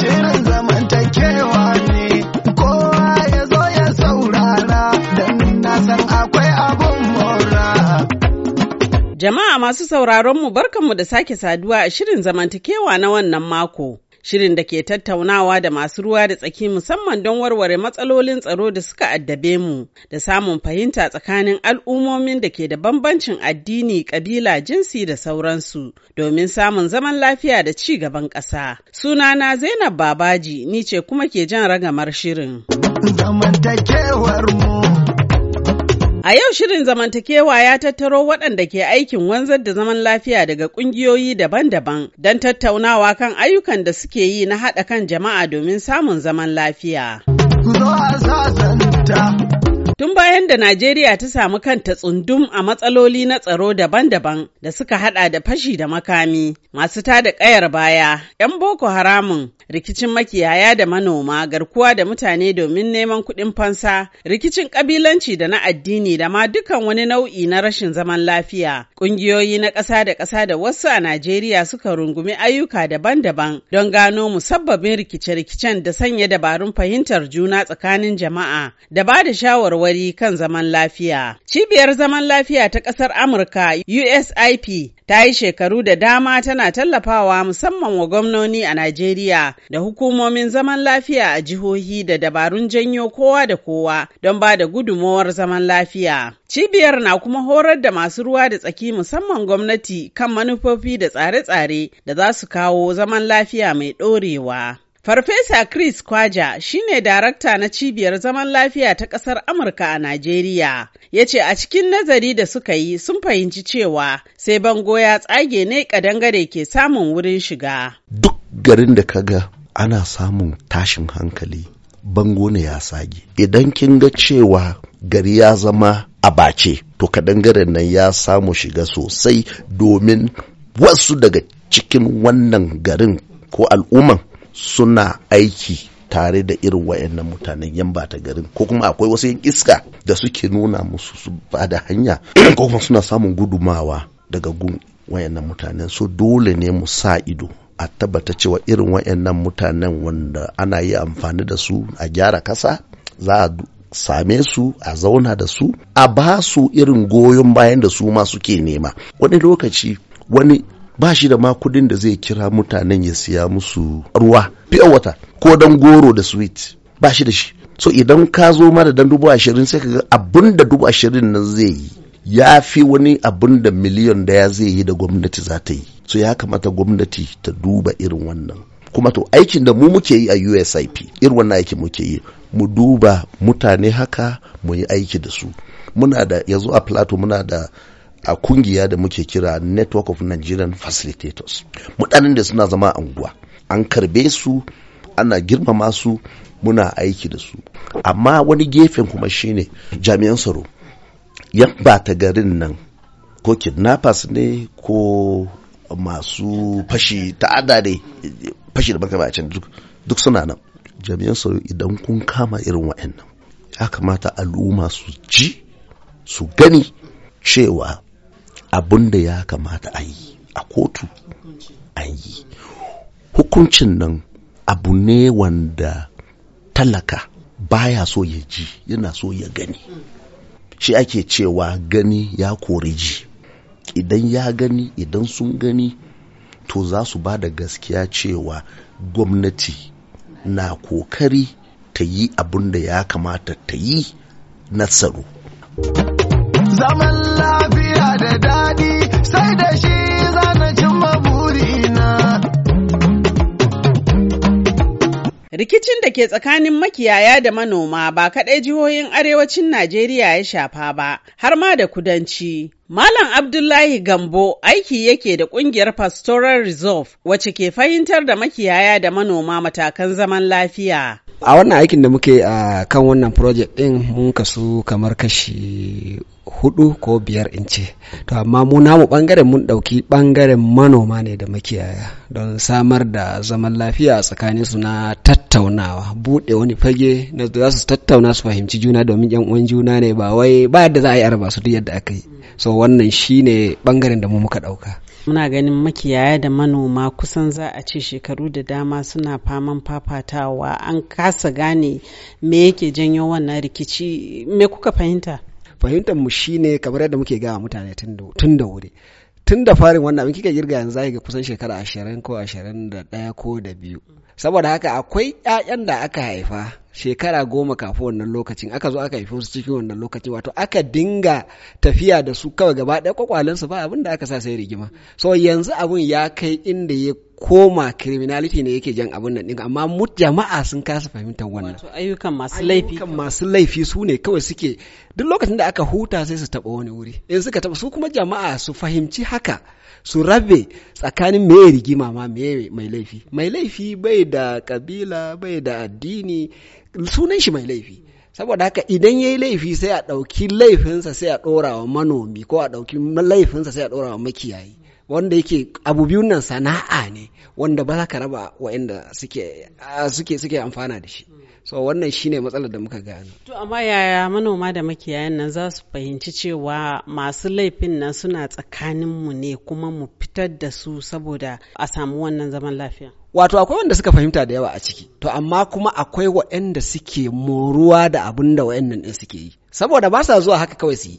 Shirin zamantakewa ne kowa ya zo ya saurara don na san akwai abun mora. Jama'a masu sauraronmu barkanmu da sake saduwa a shirin zamantakewa na wannan mako. shirin da ke tattaunawa da masu ruwa da tsaki musamman don warware matsalolin tsaro da suka addabe mu da samun fahimta tsakanin al'ummomin da ke da bambancin addini kabila jinsi da sauransu domin samun zaman lafiya da ci gaban ƙasa sunana zainab babaji ni ce kuma ke jan ragamar shirin A yau shirin zamantakewa ya tattaro waɗanda ke aikin wanzar da zaman lafiya daga ƙungiyoyi daban-daban don tattaunawa kan ayyukan da suke yi na haɗa kan jama'a domin samun zaman lafiya. Tun bayan da Najeriya ta samu kanta tsundum a matsaloli na tsaro daban-daban da suka hada da fashi da makami, masu tada kayar baya, 'yan boko haramun, rikicin makiyaya da manoma, garkuwa da mutane domin neman kuɗin fansa, rikicin kabilanci da na addini da ma dukan wani nau'i na rashin zaman lafiya. Ƙungiyoyi na ƙasa da ƙasa da wasu a Najeriya suka rungumi ayyuka daban-daban don gano musabbabin rikice-rikicen da sanya dabarun fahimtar juna tsakanin jama'a da ba da shawarwari shawarwari kan zaman lafiya. Cibiyar zaman lafiya ta ƙasar Amurka USIP ta yi shekaru da dama tana tallafawa musamman wa gwamnoni a Najeriya da hukumomin zaman lafiya a jihohi da dabarun janyo kowa da kowa don ba da gudumowar zaman lafiya. Cibiyar na kuma horar da masu ruwa da tsaki musamman gwamnati kan manufofi da tsare-tsare da za su kawo zaman lafiya mai ɗorewa. Farfesa Chris Kwaja shine darakta na cibiyar zaman lafiya ta ƙasar Amurka a Najeriya. Ya ce a cikin nazari da suka yi sun fahimci cewa sai bango ya tsage ne kadangare ke samun wurin shiga. Duk garin da kaga ana samun tashin hankali bango ne ya tsage. Idan kin ga cewa gari ya zama a bace to kadangaren nan ya samu shiga sosai domin wasu daga cikin wannan garin ko al'umman suna aiki tare da irin wayannan mutanen yan ta garin ko kuma akwai wasu yan iska da suke nuna musu su ba da hanya ko kuma suna samun gudumawa daga gun wayannan mutanen so dole ne mu sa ido a tabbata cewa irin wayannan mutanen wanda ana yi amfani da su a gyara kasa za a same su a zauna da su a ba su irin goyon bayan da su ma suke nema wani lokaci wani ba shi da ma kudin da zai kira mutanen ya siya musu ruwa fiye wata ko dan goro da sweet ba shi da shi so idan ka zo ma da dan dubu ashirin sai ka ga abin da dubu ashirin nan zai yi ya fi wani abin da miliyan daya zai yi da gwamnati za ta yi so ya kamata gwamnati ta duba irin wannan kuma to aikin da mu muke yi a USIP irin wannan aikin muke yi mu duba mutane haka mu yi aiki da su muna da yanzu a plateau muna da a kungiya da muke kira network of nigerian facilitators mutanen da suna zama a unguwa an karbe su ana girmama su muna aiki da su amma wani gefen kuma shine jami'an tsaro yan ta garin nan ko kidnappers ne ko masu fashi ta'ada ne fashi da baka can duk suna nan jami'an tsaro idan kun kama irin wa'annan ya kamata al'umma su ji su gani cewa abin da ya kamata a yi a kotu an yi hukuncin nan abu ne wanda talaka baya so ya ji yana so ya gani shi ake cewa gani ya kori ji idan ya gani idan sun gani to za su ba da gaskiya cewa gwamnati na kokari ta yi abin da ya kamata ta yi na tsaro zaman lafiya da daɗi sai da shi zana cimma burina. Rikicin da ke tsakanin makiyaya da manoma ba kaɗai jihohin arewacin Najeriya ya shafa ba, har ma da kudanci. Malam Abdullahi Gambo aiki yake da ƙungiyar Pastoral Reserve wacce ke fahimtar da makiyaya da manoma matakan zaman lafiya. a wannan aikin da muke a kan wannan project din mun kasu kamar kashi hudu ko biyar in ce to amma mu namu bangaren mun dauki bangaren manoma ne da makiyaya don samar da zaman lafiya a tsakanin su na tattaunawa bude wani fage na za su tattauna su fahimci juna domin yan uwan juna ne ba wai ba yadda za a yi arba su duk yadda aka yi so wannan shine bangaren da mu muka dauka muna ganin makiyaya da manoma kusan za a ce shekaru da dama suna faman fafatawa an kasa gane me yake janyo wannan rikici me kuka fahimta fahimtar mu shine kamar yadda muke gaya mutane tun da wuri tun da farin wannan abin kika girga yanzu zai ga kusan shekara ashirin ko ashirin da ɗaya ko da biyu saboda haka akwai 'ya'yan da aka haifa shekara goma kafin wannan lokacin aka zo aka haifi su cikin wannan lokacin wato aka dinga tafiya da su kawai gaba ɗaya kwakwalen su ba abin da aka sa sai rigima so yanzu abun ya kai inda ya koma criminality ne yake jan abin nan amma mu jama'a sun kasa fahimtar wannan wato ayyukan masu laifi ayyukan masu laifi su ne kawai suke duk lokacin da aka huta sai su taba wani wuri in suka taba su kuma jama'a su fahimci haka su rabe tsakanin me rigima ma me mai laifi mai laifi bai da kabila bai da addini sunan shi mai laifi saboda haka idan yayi laifi sai a ɗauki laifinsa sai a ɗora wa manomi ko a ɗauki laifinsa sai a ɗora wa makiyayi wanda yake abu biyun nan sana'a ne wanda ba za ka raba wa'anda ah, suke suke amfana da shi so wannan shine matsalar da muka gano to amma yaya manoma da makiyayan nan za su fahimci cewa masu laifin nan suna tsakanin mu ne kuma mu fitar da su saboda a samu wannan zaman lafiya wato akwai wanda suka fahimta da yawa a ciki to amma kuma akwai wa'anda suke moruwa da abin da waɗannan ɗin suke yi saboda ba sa zuwa haka kawai su yi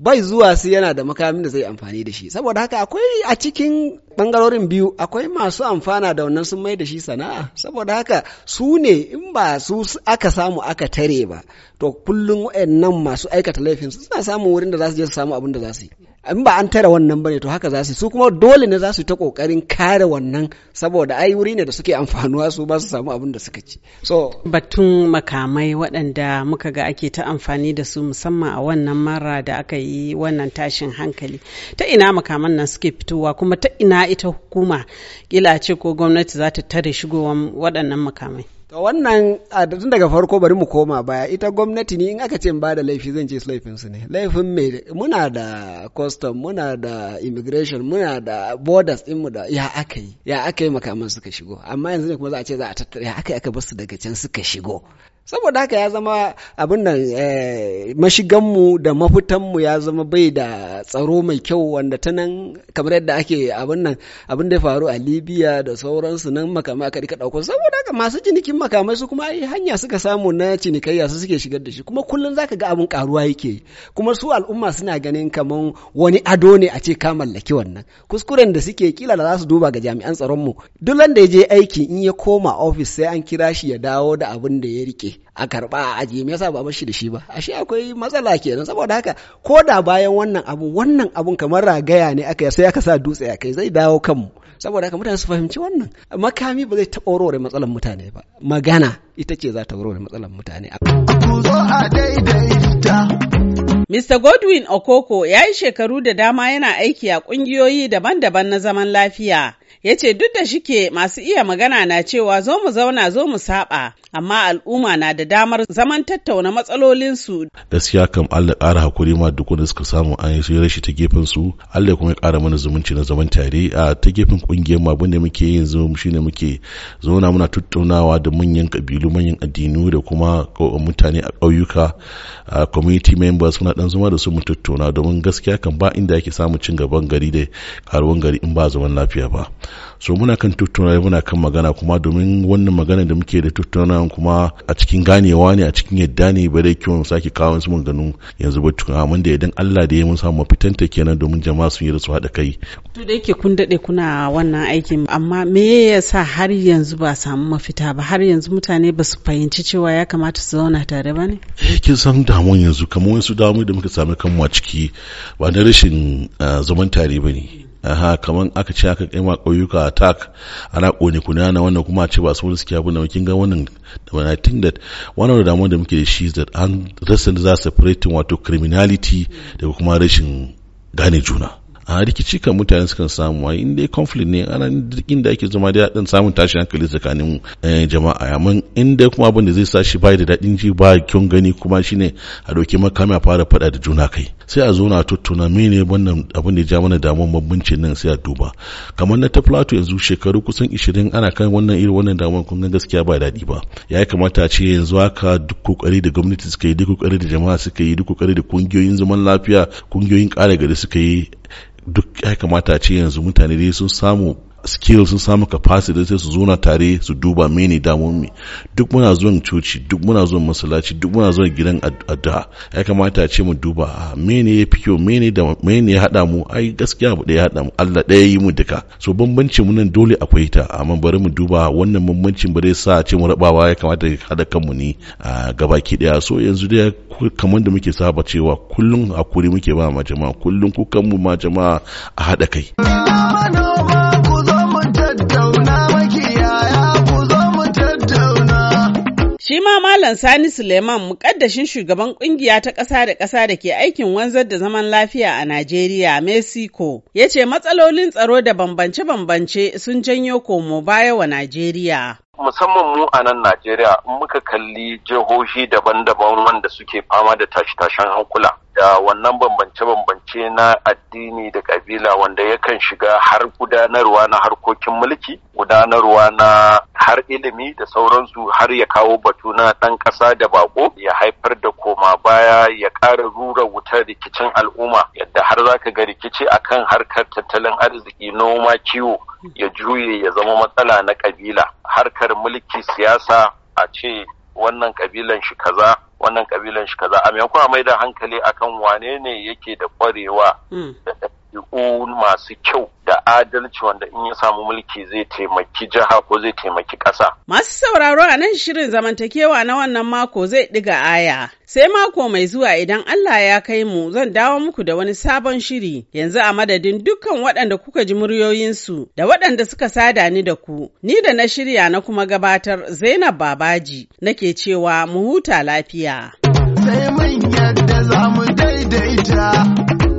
bai zuwa sai yana da makamin da zai amfani da shi saboda haka akwai a cikin bangarorin biyu akwai masu amfana da wannan sun mai da shi sana'a saboda haka su ne in ba su aka samu aka tare ba to kullum waɗannan masu aikata laifin suna samun wurin da za su je su samu abin da za su yi in ba an tare wannan bane to haka za su su kuma dole ne za su ta kokarin kare wannan saboda ai wuri ne da suke amfanuwa su ba su samu abin da suka ci so batun makamai waɗanda muka ga ake ta amfani da su musamman a wannan mara da aka yi wannan tashin hankali ta ina makaman nan suke fitowa kuma ta ina ita hukuma kila ce ko gwamnati za ta tare shigowan waɗannan makamai To wannan tun daga farko bari mu koma baya ita gwamnati ne in aka ce ba da laifi zan ce su laifin su ne laifin me muna da custom muna da immigration muna da borders din mu da ya aka yi ya aka yi makaman suka shigo amma yanzu ne kuma za a ce za a tattara ya aka yi aka basu daga can suka shigo saboda haka ya zama abin nan eh, mashiganmu da mafitanmu ya zama bai da tsaro mai kyau wanda ta nan kamar yadda ake abin nan abin da ya faru a libya da sauransu nan makamai aka rika ɗauko saboda haka masu cinikin makamai su kuma ai hanya suka samu na cinikayya su suke shigar da shi kuma kullum zaka ga abin karuwa yake kuma su al'umma suna ganin kamar wani ado ne a ce ka mallaki wannan kuskuren da suke kila da za su duba ga jami'an tsaronmu duk wanda ya je aiki in ya koma ofis sai an kira shi ya dawo da abin da ya rike a karɓa a ajiye me yasa ba shi da shi ba ashe akwai matsala kenan saboda haka ko da bayan wannan abu wannan abun kamar ragaya ne aka sai aka sa dutse a kai zai dawo kanmu saboda haka mutane su fahimci wannan makami ba zai taɓa warware matsalar mutane ba magana ita ce za ta warware matsalar mutane. Mr. Godwin Okoko ya yi shekaru da dama yana aiki a ƙungiyoyi daban-daban na zaman lafiya. ya ce duk da shike masu iya magana na cewa zo mu zauna zo mu saba amma al'umma na da damar zaman tattauna matsalolinsu gaskiya kam allah ƙara hakuri ma duk wanda suka samu an yi rashi ta gefen su allah kuma ya ƙara mana zumunci na zaman tare a ta gefen kungiyar mu abin da muke yin zo shine muke zauna muna tattaunawa da manyan kabilu manyan addinu da kuma mutane a ƙauyuka community members suna dan zama da su mu tattauna domin gaskiya kan ba inda yake samu cin gaban gari da karuwan gari in ba zaman lafiya ba so muna kan tattauna muna kan magana kuma domin wannan magana da muke da tattauna kuma a cikin ganewa ne a cikin yadda ne ba dai kiwon sake kawo mun ganu yanzu ba tukun amma da idan Allah da ya mun samu fitanta kenan domin jama'a sun yi da su haɗa kai to da yake kun daɗe kuna wannan aikin amma me yasa sa har yanzu ba samu mafita ba har yanzu mutane ba su fahimci cewa ya kamata su zauna tare ba ne eh, kin san damuwan yanzu kamar wasu damu da muka sami kanmu a ciki ba na rashin ah, zaman tare ba ne aha kaman aka ce aka kai ma ƙauyuka attack ana kone kuna na wannan kuma a ce ba su suke abu da kin ga wannan when i think that one of the damuwa da muke da shi is that an rasa da za separating wato criminality da kuma rashin gane juna a rikici kan mutane sukan samu a inda conflict ne ana inda ake zama da dan samun tashin hankali tsakanin eh, jama'a amma inda kuma abin da zai sa shi bai da daɗin ji ba kyon gani kuma shine a dauki makami a fara fada da juna kai sai a zo na tattuna mene wannan abin da ya ja mana damuwar bambancin nan sai a duba kamar na ta plato yanzu shekaru kusan 20 ana kan wannan irin wannan damuwar kun ga gaskiya ba daɗi ba ya kamata a ce yanzu haka duk kokari da gwamnati suka yi duk kokari da jama'a suka yi duk kokari da kungiyoyin zaman lafiya kungiyoyin kare gari suka yi duk ya kamata a ce yanzu mutane dai sun samu skill sun samu capacity sai su zuna tare su duba mene mu duk muna zuwan coci duk muna zuwan masallaci duk muna zuwan gidan addu'a ya kamata a ce mu duba mene ya fi kyau mene da mene ya haɗa mu ai gaskiya abu ya haɗa mu Allah ɗaya yi mu duka so bambancin mu nan dole akwai ta amma bari mu duba wannan bambancin ba zai sa a ce mu rabawa ya kamata ya haɗa kanmu ni a gabaki daya so yanzu dai kamar da muke saba cewa kullum hakuri muke ba ma jama'a kullum kukan mu ma jama'a a haɗa kai. Malam Sani Suleiman mukaddashin shugaban kungiya ta ƙasa da ƙasa da ke aikin wanzar da zaman lafiya a Najeriya, Mexico, ya ce matsalolin tsaro da bambance-bambance sun janyo komo baya wa Najeriya. musamman mu a nan Najeriya muka kalli jihohi daban-daban wanda suke fama da tashe tashen hankula da wannan bambance-bambance na addini da kabila wanda yakan shiga har gudanarwa na harkokin mulki gudanarwa na har ilimi da sauransu har ya kawo batu na ɗan ƙasa da bako ya haifar da koma baya ya ƙara rura wutar rikicin al'umma yadda har za ka ga rikici a kan harkar tattalin arziki noma kiwo ya juye ya zama matsala na ƙabila, harkar mulki siyasa a ce wannan kabilan shi kaza wannan kabilan shi kaza a maimakon a mai da hankali akan wane ne yake da kwarewa hmm. ɗabi'u masu kyau da adalci wanda in ya samu mulki zai taimaki jiha ko zai taimaki ƙasa. Masu sauraro a nan shirin zamantakewa na wannan mako zai ɗiga aya. Sai mako mai zuwa idan Allah ya kai mu zan dawo muku da wani sabon shiri yanzu a madadin dukkan waɗanda kuka ji muryoyinsu da waɗanda suka sada ni da ku. Ni da na shirya na kuma gabatar Zainab Babaji nake cewa mu huta lafiya. Sai mun yadda za mu daidaita.